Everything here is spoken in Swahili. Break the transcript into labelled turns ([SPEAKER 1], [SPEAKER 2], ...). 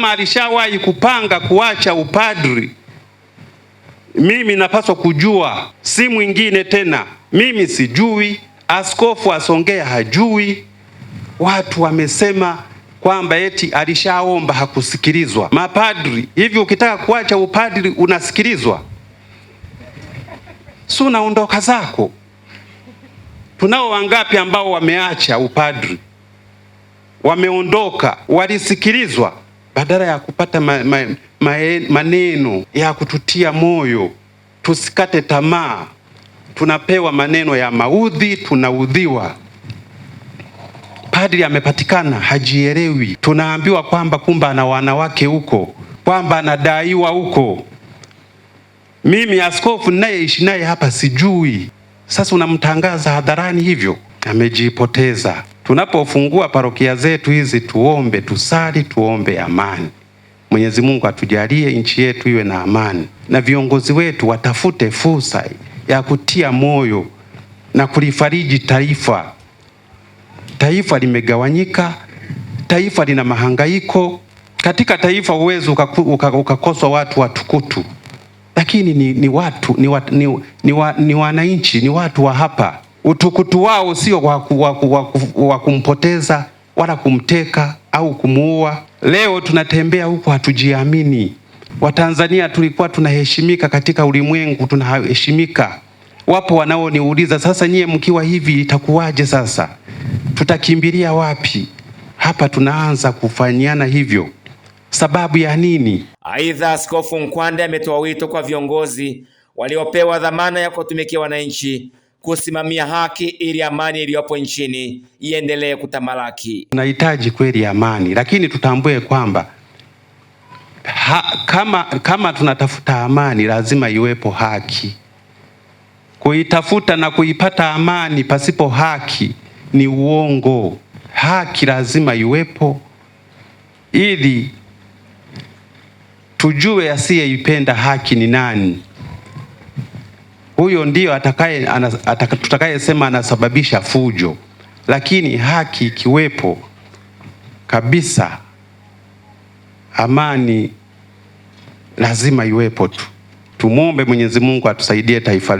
[SPEAKER 1] kama alishawahi kupanga kuacha upadri, mimi napaswa kujua, si mwingine tena. Mimi sijui, askofu asongea hajui. Watu wamesema kwamba eti alishaomba hakusikilizwa. Mapadri, hivi ukitaka kuacha upadri unasikilizwa? Si unaondoka zako. Tunao wangapi ambao wameacha upadri, wameondoka, walisikilizwa? badala ya kupata ma, ma, ma, maneno ya kututia moyo tusikate tamaa, tunapewa maneno ya maudhi, tunaudhiwa. Padri amepatikana hajielewi, tunaambiwa kwamba kumba ana wanawake huko, kwamba anadaiwa huko. Mimi askofu ninayeishi naye hapa sijui. Sasa unamtangaza hadharani hivyo, amejipoteza tunapofungua parokia zetu hizi tuombe, tusali, tuombe amani. Mwenyezi Mungu atujalie nchi yetu iwe na amani, na viongozi wetu watafute fursa ya kutia moyo na kulifariji taifa. Taifa limegawanyika, taifa lina mahangaiko. Katika taifa uwezo ukakoswa uka, uka watu watukutu, lakini ni, ni watu ni, wat, ni, ni, wa, ni wananchi ni watu wa hapa utukutu wao sio wa kumpoteza wala kumteka au kumuua. Leo tunatembea huku hatujiamini. Watanzania tulikuwa tunaheshimika katika ulimwengu, tunaheshimika. Wapo wanaoniuliza sasa, nyie mkiwa hivi itakuwaje? Sasa tutakimbilia wapi? Hapa tunaanza kufanyiana hivyo, sababu ya nini?
[SPEAKER 2] Aidha, Askofu mkwande ametoa wito kwa viongozi waliopewa dhamana ya kuwatumikia wananchi kusimamia haki ili amani iliyopo nchini iendelee kutamalaki.
[SPEAKER 1] Tunahitaji kweli amani, lakini tutambue kwamba ha, kama, kama tunatafuta amani lazima iwepo haki. Kuitafuta na kuipata amani pasipo haki ni uongo. Haki lazima iwepo ili tujue asiyeipenda haki ni nani huyo ndiyo atakaye ataka, tutakayesema anasababisha fujo, lakini haki ikiwepo kabisa, amani lazima iwepo tu. Tumwombe Mwenyezi Mungu atusaidie taifa